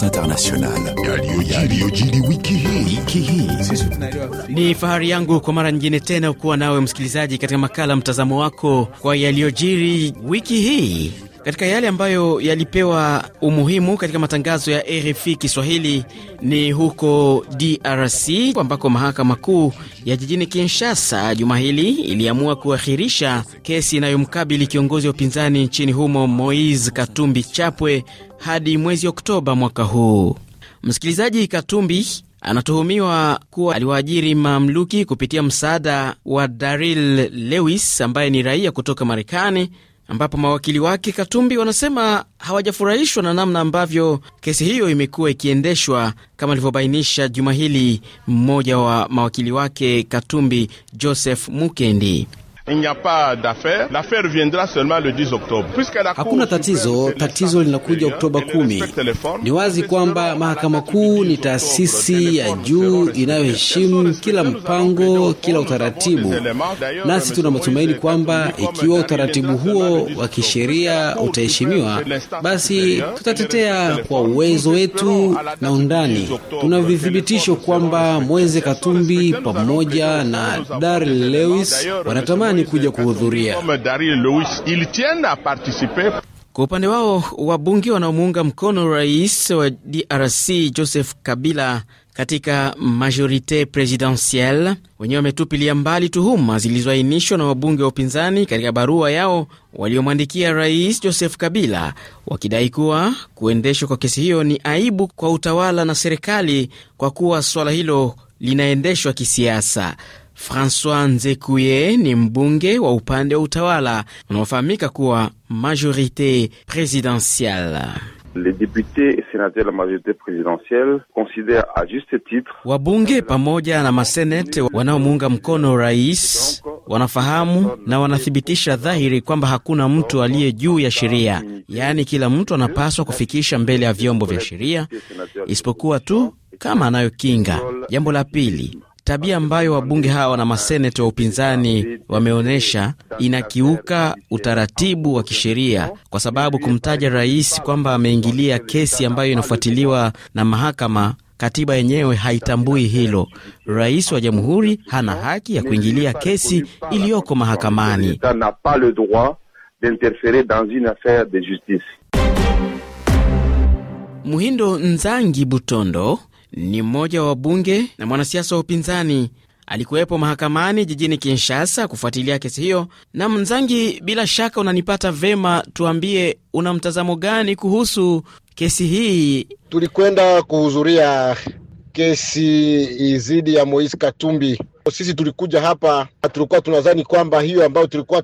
Conférence internationale Ni fahari yangu kwa mara nyingine tena kuwa nawe msikilizaji, katika makala mtazamo wako kwa yaliyojiri wiki hii. Katika yale ambayo yalipewa umuhimu katika matangazo ya RFI Kiswahili ni huko DRC ambako mahakama kuu ya jijini Kinshasa juma hili iliamua kuahirisha kesi inayomkabili kiongozi wa upinzani nchini humo Moise Katumbi Chapwe hadi mwezi Oktoba mwaka huu. Msikilizaji, Katumbi anatuhumiwa kuwa aliwaajiri mamluki kupitia msaada wa Daril Lewis ambaye ni raia kutoka Marekani ambapo mawakili wake Katumbi wanasema hawajafurahishwa na namna ambavyo kesi hiyo imekuwa ikiendeshwa, kama alivyobainisha juma hili mmoja wa mawakili wake Katumbi, Joseph Mukendi. Hakuna tatizo, tatizo linakuja Oktoba kumi. Ni wazi kwamba mahakama kuu ni taasisi ya juu inayoheshimu kila mpango, kila utaratibu, nasi tuna matumaini kwamba ikiwa utaratibu huo wa kisheria utaheshimiwa, basi tutatetea kwa uwezo wetu na undani. Tuna vithibitisho kwamba mweze Katumbi pamoja na Dar Lewis wanatamani Marekani kuja kuhudhuria. Kwa upande wao wabunge wanaomuunga mkono rais wa DRC Joseph Kabila katika majorite presidentielle wenyewe wametupilia mbali tuhuma zilizoainishwa na wabunge wa upinzani katika barua yao waliomwandikia rais Joseph Kabila wakidai kuwa kuendeshwa kwa kesi hiyo ni aibu kwa utawala na serikali kwa kuwa swala hilo linaendeshwa kisiasa. Francois Nzekuye ni mbunge wa upande wa utawala unaofahamika kuwa majorite presidentielle. Wabunge pamoja na masenete wanaomuunga mkono rais wanafahamu na wanathibitisha dhahiri kwamba hakuna mtu aliye juu ya sheria, yaani kila mtu anapaswa kufikisha mbele ya vyombo vya sheria isipokuwa tu kama anayokinga. Jambo la pili, tabia ambayo wabunge hawa na maseneta wa upinzani wameonyesha inakiuka utaratibu wa kisheria, kwa sababu kumtaja rais kwamba ameingilia kesi ambayo inafuatiliwa na mahakama Katiba yenyewe haitambui hilo. Rais wa jamhuri hana haki ya kuingilia kesi iliyoko mahakamani. Muhindo Nzangi Butondo ni mmoja wa wabunge na mwanasiasa wa upinzani alikuwepo mahakamani jijini Kinshasa kufuatilia kesi hiyo. Na Mnzangi, bila shaka unanipata vema, tuambie una mtazamo gani kuhusu kesi hii? Tulikwenda kuhudhuria kesi izidi ya Moise Katumbi. Sisi tulikuja hapa, tulikuwa tunadhani kwamba hiyo ambayo tulikuwa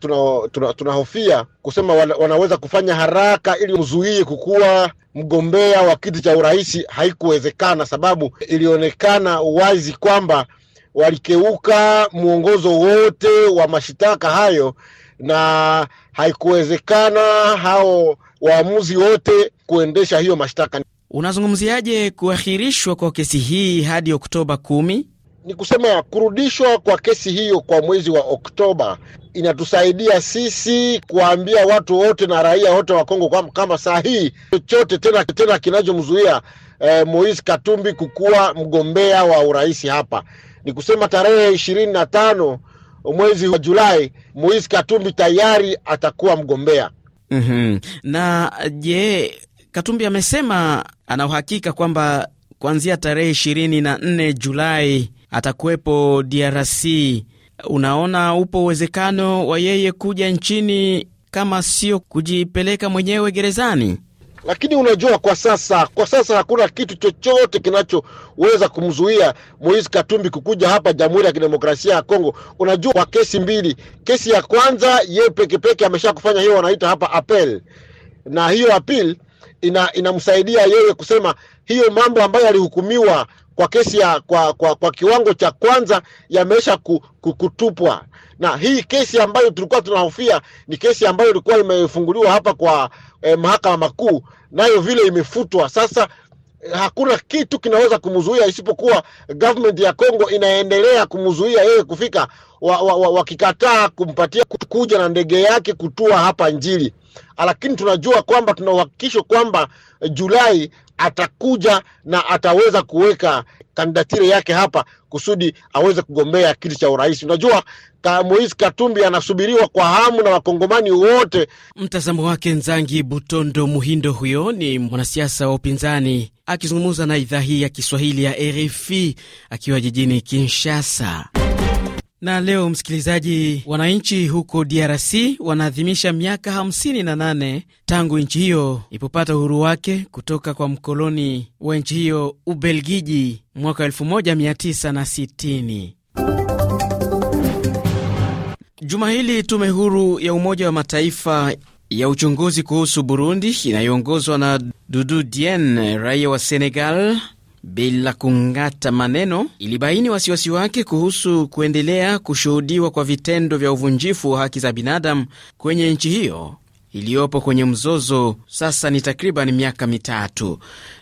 tunahofia tuna, tuna kusema wana, wanaweza kufanya haraka ili mzuie kukuwa mgombea wa kiti cha urais, haikuwezekana sababu ilionekana wazi kwamba walikeuka mwongozo wote wa mashitaka hayo, na haikuwezekana hao waamuzi wote kuendesha hiyo mashtaka. Unazungumziaje kuahirishwa kwa kesi hii hadi Oktoba kumi? Ni kusema kurudishwa kwa kesi hiyo kwa mwezi wa Oktoba inatusaidia sisi kuwaambia watu wote na raia wote wa Kongo kwa kama saa hii chochote tena, tena kinachomzuia eh, Moise Katumbi kukuwa mgombea wa urais hapa ni kusema tarehe ishirini na tano mwezi wa Julai Moise Katumbi tayari atakuwa mgombea. Mm-hmm. Na je, Katumbi amesema ana uhakika kwamba kuanzia tarehe 24 Julai atakuwepo DRC. Unaona, upo uwezekano wa yeye kuja nchini kama sio kujipeleka mwenyewe gerezani? Lakini unajua, kwa sasa kwa sasa hakuna kitu chochote kinachoweza kumzuia Moise Katumbi kukuja hapa Jamhuri ya Kidemokrasia ya Kongo. Unajua, kwa kesi mbili, kesi ya kwanza yeye pekepeke amesha kufanya hiyo wanaita hapa apel, na hiyo apil ina, inamsaidia yeye kusema hiyo mambo ambayo yalihukumiwa kwa kesi ya kwa, kwa, kwa kiwango cha kwanza yameisha kutupwa, na hii kesi ambayo tulikuwa tunahofia ni kesi ambayo ilikuwa imefunguliwa hapa kwa eh, mahakama makuu, nayo vile imefutwa sasa eh, hakuna kitu kinaweza kumzuia isipokuwa government ya congo inaendelea kumzuia yeye kufika, wakikataa wa, wa, wa kumpatia kuja na ndege yake kutua hapa Njili lakini tunajua kwamba tunauhakikisho kwamba Julai atakuja na ataweza kuweka kandidatire yake hapa kusudi aweze kugombea kiti cha urais. Unajua ka Moise Katumbi anasubiriwa kwa hamu na wakongomani wote. Mtazamo wake Nzangi Butondo Muhindo, huyo ni mwanasiasa wa upinzani akizungumza na idhaa hii ya Kiswahili ya RFI akiwa jijini Kinshasa. Na leo msikilizaji, wananchi huko DRC wanaadhimisha miaka 58 tangu nchi hiyo ipopata uhuru wake kutoka kwa mkoloni wa nchi hiyo Ubelgiji mwaka 1960. Juma hili tume huru ya Umoja wa Mataifa ya uchunguzi kuhusu Burundi inayoongozwa na Dudu Dien, raia wa Senegal bila kung'ata maneno, ilibaini wasiwasi wake kuhusu kuendelea kushuhudiwa kwa vitendo vya uvunjifu wa haki za binadamu kwenye nchi hiyo iliyopo kwenye mzozo sasa ni takriban miaka mitatu.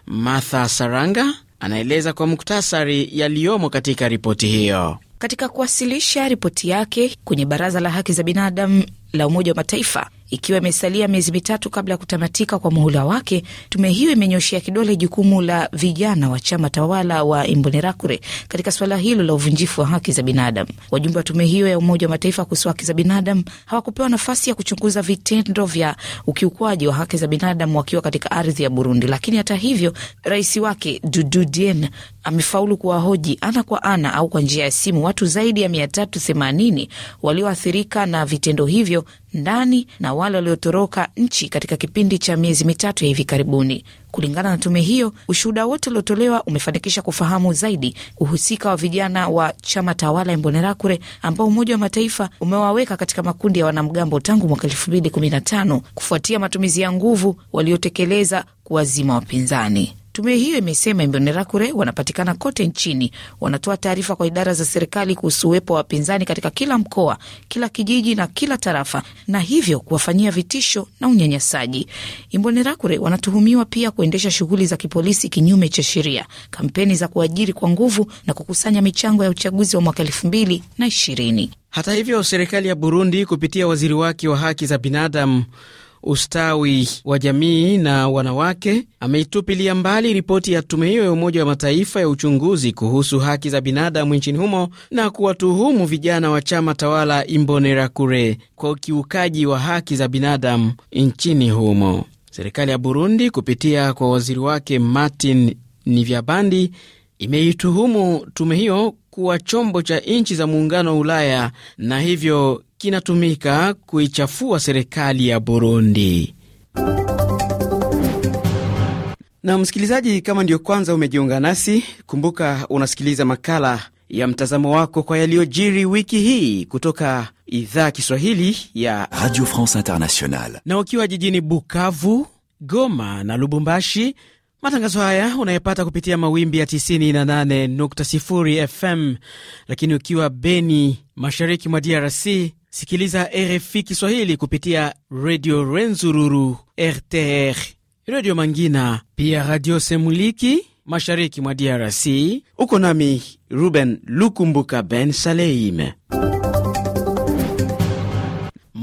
Martha Saranga anaeleza kwa muktasari yaliyomo katika ripoti hiyo. Katika kuwasilisha ripoti yake kwenye Baraza la Haki za Binadamu la Umoja wa Mataifa. Ikiwa imesalia miezi mitatu kabla ya kutamatika kwa muhula wake, tume hiyo imenyoshea kidole jukumu la vijana wa chama tawala wa Imbonerakure katika suala hilo la uvunjifu wa haki za binadamu. Wajumbe wa tume hiyo ya Umoja wa Mataifa kuhusu haki za binadamu hawakupewa nafasi ya kuchunguza vitendo vya ukiukwaji wa haki za binadamu wakiwa katika ardhi ya Burundi, lakini hata hivyo, rais wake Dudu Diene amefaulu kuwahoji ana kwa ana au kwa njia ya simu watu zaidi ya 380 walioathirika na vitendo hivyo hiyo ndani na wale waliotoroka nchi katika kipindi cha miezi mitatu ya hivi karibuni. Kulingana na tume hiyo, ushuhuda wote uliotolewa umefanikisha kufahamu zaidi uhusika wa vijana wa chama tawala Imbonerakure ambao Umoja wa Mataifa umewaweka katika makundi ya wanamgambo tangu mwaka elfu mbili kumi na tano kufuatia matumizi ya nguvu waliotekeleza kuwazima wapinzani. Tume hiyo imesema Imbonerakure wanapatikana kote nchini, wanatoa taarifa kwa idara za serikali kuhusu uwepo wa wapinzani katika kila mkoa, kila kijiji na kila tarafa, na hivyo kuwafanyia vitisho na unyanyasaji. Imbonerakure wanatuhumiwa pia kuendesha shughuli za kipolisi kinyume cha sheria, kampeni za kuajiri kwa nguvu na kukusanya michango ya uchaguzi wa mwaka elfu mbili na ishirini. Hata hivyo serikali ya Burundi kupitia waziri wake wa haki za binadamu ustawi wa jamii na wanawake ameitupilia mbali ripoti ya tume hiyo ya Umoja wa Mataifa ya uchunguzi kuhusu haki za binadamu nchini humo na kuwatuhumu vijana wa chama tawala Imbonerakure kwa ukiukaji wa haki za binadamu nchini humo. Serikali ya Burundi kupitia kwa waziri wake Martin Nivyabandi imeituhumu tume hiyo kuwa chombo cha nchi za muungano wa Ulaya na hivyo kinatumika kuichafua serikali ya Burundi. Na msikilizaji, kama ndiyo kwanza umejiunga nasi, kumbuka unasikiliza makala ya mtazamo wako kwa yaliyojiri wiki hii kutoka idhaa Kiswahili ya Radio France Internationale. Na ukiwa jijini Bukavu, Goma na Lubumbashi Matangazo haya unayepata kupitia mawimbi ya 98.0 FM, lakini ukiwa Beni, mashariki mwa DRC, sikiliza RFI Kiswahili kupitia redio Renzururu, RTR, redio Mangina, pia radio Semuliki, mashariki mwa DRC. Uko nami Ruben Lukumbuka Ben saleime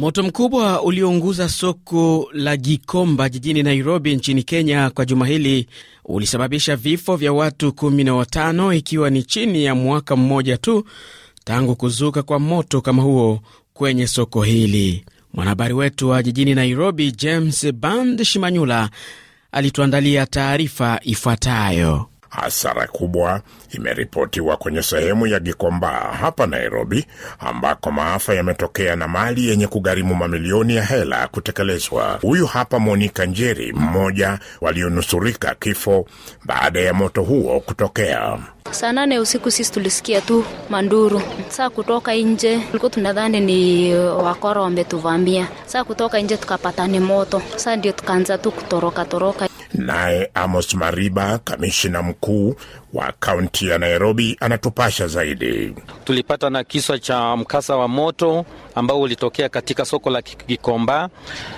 Moto mkubwa uliounguza soko la Gikomba jijini Nairobi nchini Kenya kwa juma hili ulisababisha vifo vya watu 15 ikiwa ni chini ya mwaka mmoja tu tangu kuzuka kwa moto kama huo kwenye soko hili. Mwanahabari wetu wa jijini Nairobi James Band Shimanyula alituandalia taarifa ifuatayo. Hasara kubwa imeripotiwa kwenye sehemu ya Gikomba hapa Nairobi, ambako maafa yametokea na mali yenye kugharimu mamilioni ya hela kutekelezwa. Huyu hapa Monika Njeri, mmoja walionusurika kifo baada ya moto huo kutokea. Saa nane usiku sisi tulisikia tu manduru. Saa kutoka nje tulikuwa tunadhani ni uh, wakora wametuvamia. Saa kutoka nje tukapata ni moto. Saa ndio tukaanza tu kutoroka toroka. Naye Amos Mariba, kamishina mkuu wa kaunti ya Nairobi, anatupasha zaidi. Tulipata na kiswa cha mkasa wa moto ambao ulitokea katika soko la Gikomba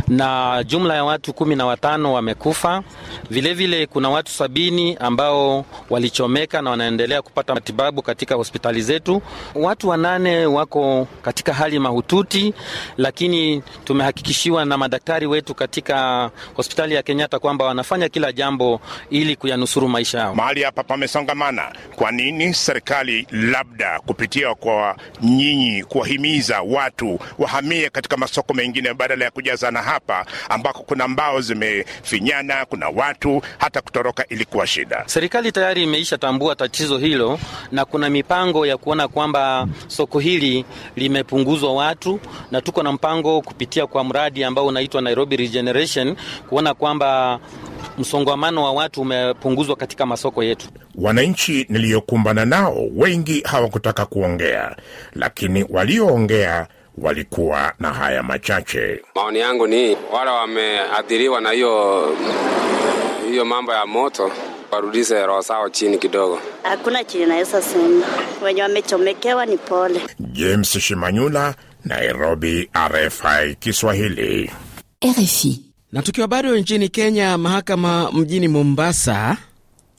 na jumla ya watu kumi na watano wamekufa. Vilevile vile kuna watu sabini ambao walichomeka na wanaendelea kupata matibabu katika hospitali zetu. Watu wanane wako katika hali mahututi, lakini tumehakikishiwa na madaktari wetu katika hospitali ya Kenyatta kwamba wanafanya wanafanya kila jambo ili kuyanusuru maisha yao. Mahali hapa pamesongamana. Kwa nini serikali labda kupitia kwa nyinyi kuwahimiza watu wahamie katika masoko mengine badala ya kujazana hapa ambako kuna mbao zimefinyana, kuna watu hata kutoroka ilikuwa shida. Serikali tayari imeisha tambua tatizo hilo na kuna mipango ya kuona kwamba soko hili limepunguzwa watu, na tuko na mpango kupitia kwa mradi ambao unaitwa Nairobi Regeneration kuona kwamba msongamano wa watu umepunguzwa katika masoko yetu. Wananchi niliyokumbana nao wengi hawakutaka kuongea, lakini walioongea walikuwa na haya machache. Maoni yangu ni wala wameathiriwa na hiyo hiyo mambo ya moto warudize roho zao chini kidogo. Hakuna chini naweza sema, wenye wamechomekewa ni pole. James Shimanyula, Nairobi, RFI Kiswahili, RFI. Na tukiwa bado nchini Kenya, mahakama mjini Mombasa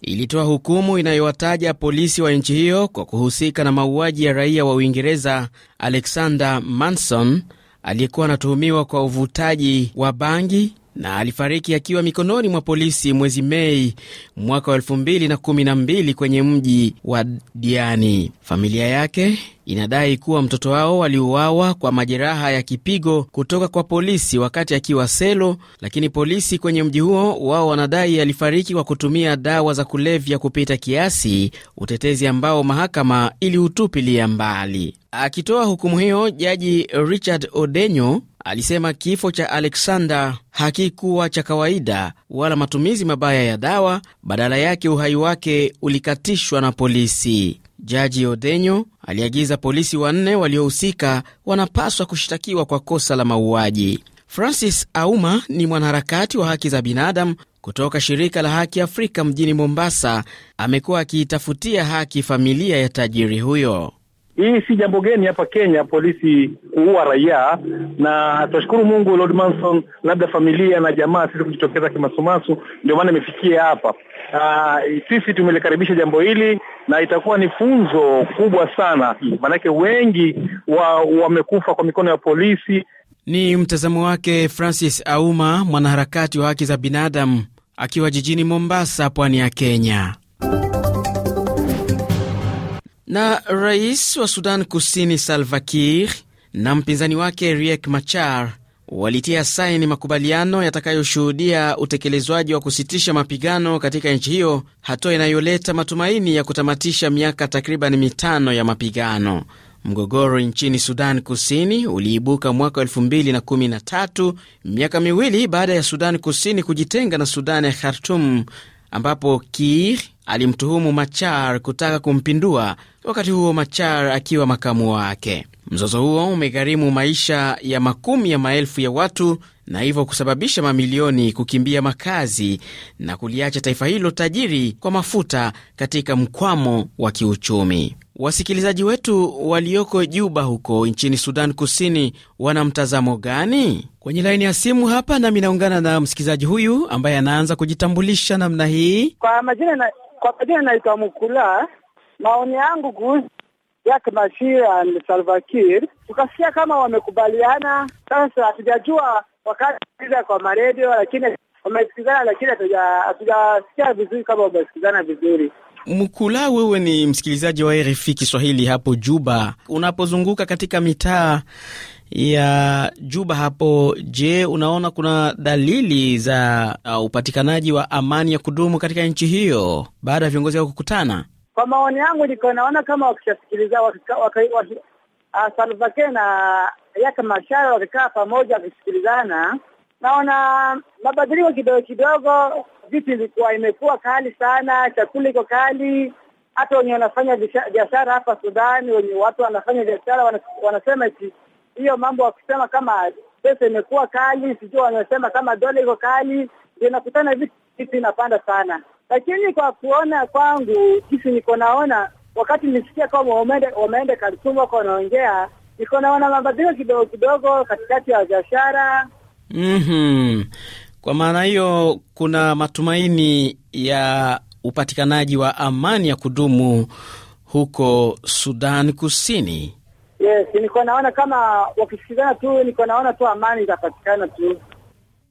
ilitoa hukumu inayowataja polisi wa nchi hiyo kwa kuhusika na mauaji ya raia wa Uingereza Alexander Manson aliyekuwa anatuhumiwa kwa uvutaji wa bangi na alifariki akiwa mikononi mwa polisi mwezi Mei mwaka wa 2012 kwenye mji wa Diani. Familia yake inadai kuwa mtoto wao aliuawa kwa majeraha ya kipigo kutoka kwa polisi wakati akiwa selo, lakini polisi kwenye mji huo wao wanadai alifariki kwa kutumia dawa za kulevya kupita kiasi, utetezi ambao mahakama iliutupilia mbali. Akitoa hukumu hiyo, Jaji Richard Odenyo alisema kifo cha Alexander hakikuwa cha kawaida wala matumizi mabaya ya dawa, badala yake uhai wake ulikatishwa na polisi. Jaji Odenyo aliagiza polisi wanne waliohusika wanapaswa kushtakiwa kwa kosa la mauaji. Francis Auma ni mwanaharakati wa haki za binadamu kutoka shirika la Haki Afrika mjini Mombasa. Amekuwa akiitafutia haki familia ya tajiri huyo. Hii si jambo geni hapa Kenya, polisi kuua raia, na tunashukuru Mungu Lord Manson, labda familia na jamaa sisi kujitokeza kimasumasu, ndio maana imefikia hapa. Ah, sisi tumelikaribisha jambo hili na itakuwa ni funzo kubwa sana, maanake wengi wamekufa wa kwa mikono ya polisi. Ni mtazamo wake Francis Auma, mwanaharakati wa haki za binadamu akiwa jijini Mombasa, pwani ya Kenya. Na rais wa Sudan Kusini Salva Kiir na mpinzani wake Riek Machar walitia saini makubaliano yatakayoshuhudia utekelezwaji wa kusitisha mapigano katika nchi hiyo, hatua inayoleta matumaini ya kutamatisha miaka takriban mitano ya mapigano. Mgogoro nchini Sudan Kusini uliibuka mwaka 2013 miaka miwili baada ya Sudan Kusini kujitenga na Sudan ya Khartum, ambapo Kiir alimtuhumu Machar kutaka kumpindua wakati huo Machar akiwa makamu wake. Mzozo huo umegharimu maisha ya makumi ya maelfu ya watu na hivyo kusababisha mamilioni kukimbia makazi na kuliacha taifa hilo tajiri kwa mafuta katika mkwamo wa kiuchumi. Wasikilizaji wetu walioko Juba huko nchini Sudan Kusini wana mtazamo gani? Kwenye laini ya simu hapa nami naungana na msikilizaji huyu ambaye anaanza kujitambulisha namna hii. Kwa majina na, kwa majina naitwa Mukula Maoni yangu kuhusu Riek Machar and Salva Kiir, tukasikia kama wamekubaliana. Sasa hatujajua wakati kwa maredio, lakini wamesikizana, lakini hatujasikia vizuri kama wamesikizana vizuri. Mkula, wewe ni msikilizaji wa RFI Kiswahili hapo Juba, unapozunguka katika mitaa ya Juba hapo, je, unaona kuna dalili za uh, upatikanaji wa amani ya kudumu katika nchi hiyo baada ya viongozi hao kukutana? Kwa maoni yangu niko naona kama wakishasikiliza ah, Salva Kiir na Riek Machar wakikaa pamoja wakisikilizana, naona mabadiliko kidogo kidogo. Vitu ilikuwa imekuwa kali sana, chakula iko kali, hata wenye wanafanya biashara hapa sudani wenye watu wanafanya biashara wanasema eti hiyo mambo, wakisema kama pesa imekuwa kali, sijui wanasema kama dola iko kali, ndio nakutana vitu inapanda sana lakini kwa kuona kwangu jinsi niko naona, wakati nisikia kama wameenda wameenda wako wanaongea, niko naona mabadiliko kidogo kidogo katikati ya biashara. Mm-hmm. Kwa maana hiyo kuna matumaini ya upatikanaji wa amani ya kudumu huko Sudan Kusini. Yes, niko naona kama wakisikizana tu, niko naona tu amani itapatikana tu.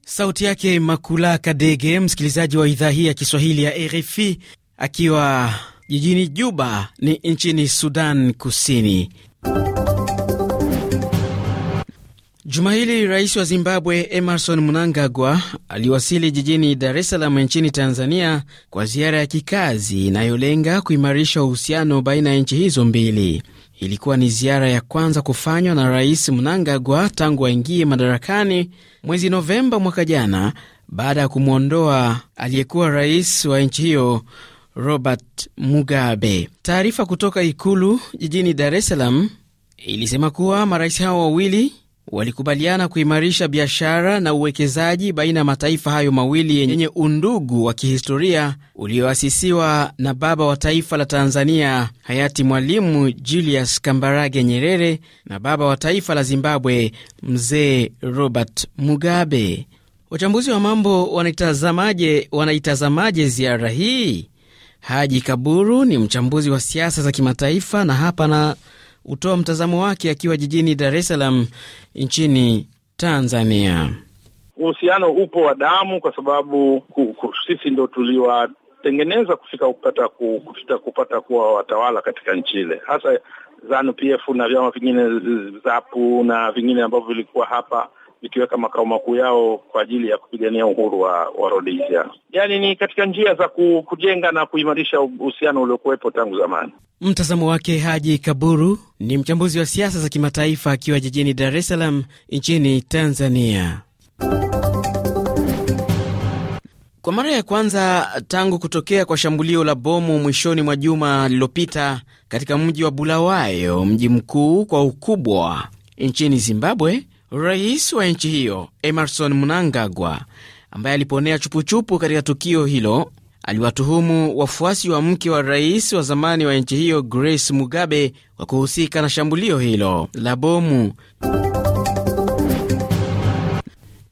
Sauti yake Makula Kadege, msikilizaji wa idhaa hii ya Kiswahili ya RFI akiwa jijini Juba ni nchini Sudan Kusini. Juma hili rais wa Zimbabwe Emerson Mnangagwa aliwasili jijini Dar es Salaam nchini Tanzania kwa ziara ya kikazi inayolenga kuimarisha uhusiano baina ya nchi hizo mbili. Ilikuwa ni ziara ya kwanza kufanywa na Rais Mnangagwa tangu aingie madarakani mwezi Novemba mwaka jana baada ya kumwondoa aliyekuwa rais wa nchi hiyo Robert Mugabe. Taarifa kutoka ikulu jijini Dar es Salaam ilisema kuwa marais hao wawili walikubaliana kuimarisha biashara na uwekezaji baina ya mataifa hayo mawili yenye undugu wa kihistoria ulioasisiwa na baba wa taifa la Tanzania hayati Mwalimu Julius Kambarage Nyerere na baba wa taifa la Zimbabwe Mzee Robert Mugabe. Wachambuzi wa mambo wanaitazamaje, wanaitazamaje ziara hii? Haji Kaburu ni mchambuzi wa siasa za kimataifa na hapa na hutoa mtazamo wake akiwa jijini Dar es Salaam nchini Tanzania. Uhusiano upo wa damu kwa sababu sisi ndo tuliwatengeneza kufika kupata ku, kufika kupata kuwa watawala katika nchi ile, hasa ZANU PF na vyama vingine ZAPU na vingine ambavyo vilikuwa hapa vikiweka makao makuu yao kwa ajili ya kupigania uhuru wa, wa Rhodesia. Yaani ni katika njia za kujenga na kuimarisha uhusiano uliokuwepo tangu zamani. Mtazamo wake Haji Kaburu ni mchambuzi wa siasa za kimataifa akiwa jijini Dar es Salaam nchini Tanzania. Kwa mara ya kwanza tangu kutokea kwa shambulio la bomu mwishoni mwa juma lililopita katika mji wa Bulawayo, mji mkuu kwa ukubwa nchini Zimbabwe, rais wa nchi hiyo Emerson Mnangagwa ambaye aliponea chupuchupu katika tukio hilo aliwatuhumu wafuasi wa mke wa rais wa zamani wa nchi hiyo Grace Mugabe kwa kuhusika na shambulio hilo la bomu.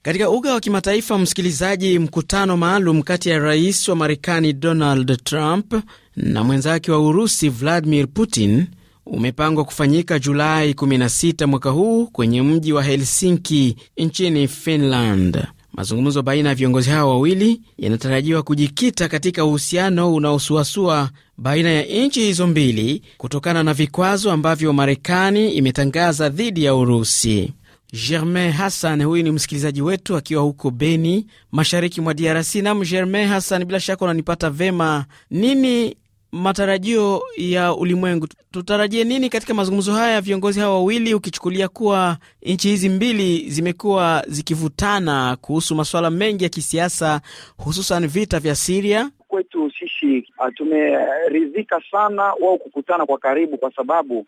Katika uga wa kimataifa, msikilizaji, mkutano maalum kati ya rais wa Marekani Donald Trump na mwenzake wa Urusi Vladimir Putin umepangwa kufanyika Julai 16 mwaka huu kwenye mji wa Helsinki nchini Finland. Mazungumzo baina ya viongozi hao wawili yanatarajiwa kujikita katika uhusiano unaosuasua baina ya nchi hizo mbili kutokana na vikwazo ambavyo Marekani imetangaza dhidi ya Urusi. Germain Hassan huyu ni msikilizaji wetu akiwa huko Beni, mashariki mwa DRC. Nam Germain Hassan, bila shaka unanipata vema. Nini matarajio ya ulimwengu, tutarajie nini katika mazungumzo haya ya viongozi hawa wawili, ukichukulia kuwa nchi hizi mbili zimekuwa zikivutana kuhusu masuala mengi ya kisiasa, hususan vita vya Siria? Kwetu sisi ah, tumeridhika sana wao kukutana kwa karibu, kwa sababu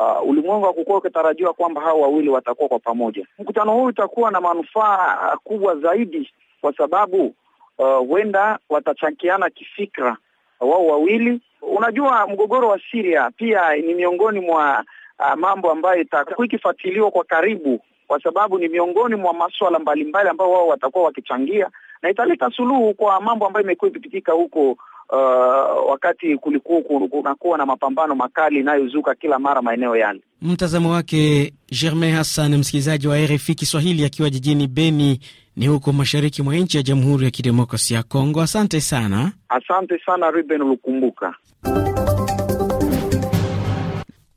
Uh, ulimwengu hakukuwa ukitarajiwa kwamba hawa wawili watakuwa kwa pamoja. Mkutano huu utakuwa na manufaa ah, kubwa zaidi, kwa sababu huenda uh, watachangiana kifikra wao wawili. Unajua, mgogoro wa Syria pia ni miongoni mwa uh, mambo ambayo itakuwa ikifuatiliwa kwa karibu, kwa sababu ni miongoni mwa masuala mbalimbali ambayo wao watakuwa wakichangia na italeta suluhu kwa mambo ambayo imekuwa ikipitika huko uh, wakati kulikuwa kunakuwa na mapambano makali inayozuka kila mara maeneo yale. Mtazamo wake Germain Hassan, msikilizaji wa RFI Kiswahili akiwa jijini Beni ni huko mashariki mwa nchi ya Jamhuri ya Kidemokrasia ya Kongo. Asante sana, asante sana Ruben Lukumbuka.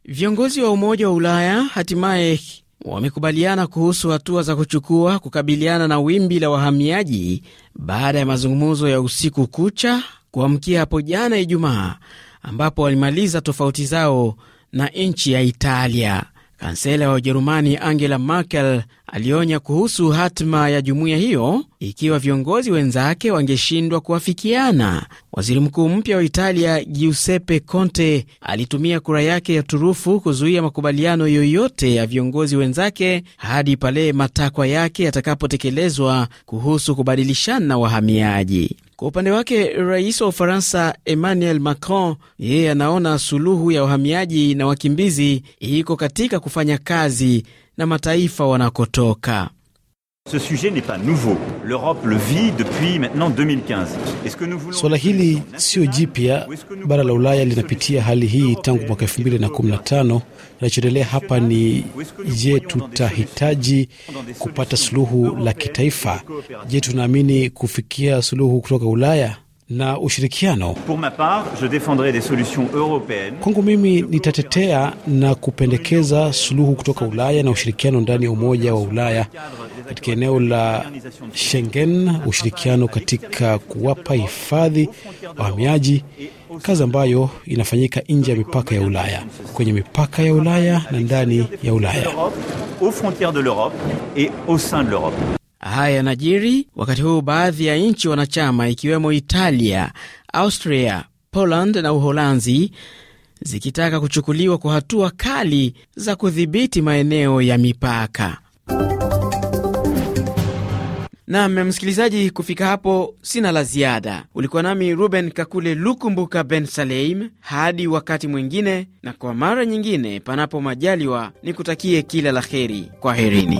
Viongozi wa Umoja wa Ulaya hatimaye wamekubaliana kuhusu hatua za kuchukua kukabiliana na wimbi la wahamiaji baada ya mazungumzo ya usiku kucha kuamkia hapo jana Ijumaa, ambapo walimaliza tofauti zao na nchi ya Italia. Kansela wa Ujerumani Angela Merkel Alionya kuhusu hatima ya jumuiya hiyo ikiwa viongozi wenzake wangeshindwa kuafikiana. Waziri mkuu mpya wa Italia Giuseppe Conte alitumia kura yake ya turufu kuzuia makubaliano yoyote ya viongozi wenzake hadi pale matakwa yake yatakapotekelezwa kuhusu kubadilishana wahamiaji. Kwa upande wake, rais wa Ufaransa Emmanuel Macron yeye anaona suluhu ya wahamiaji na wakimbizi iko katika kufanya kazi na mataifa wanakotoka. Swala hili sio jipya. Bara la Ulaya linapitia hali hii tangu mwaka 2015. Inachoendelea hapa ni je, tutahitaji kupata suluhu la kitaifa? Je, tunaamini kufikia suluhu kutoka Ulaya? na ushirikiano. Kwangu mimi nitatetea na kupendekeza suluhu kutoka Ulaya na ushirikiano ndani ya Umoja wa Ulaya katika eneo la Schengen, ushirikiano katika kuwapa hifadhi wahamiaji, kazi ambayo inafanyika nje ya mipaka ya Ulaya, kwenye mipaka ya Ulaya na ndani ya Ulaya. Haya yanajiri wakati huu baadhi ya nchi wanachama ikiwemo Italia, Austria, Poland na Uholanzi zikitaka kuchukuliwa kwa hatua kali za kudhibiti maeneo ya mipaka. Nam msikilizaji, kufika hapo sina la ziada. Ulikuwa nami Ruben Kakule Lukumbuka Ben Saleim. Hadi wakati mwingine, na kwa mara nyingine, panapo majaliwa, nikutakie kila la heri. kwa herini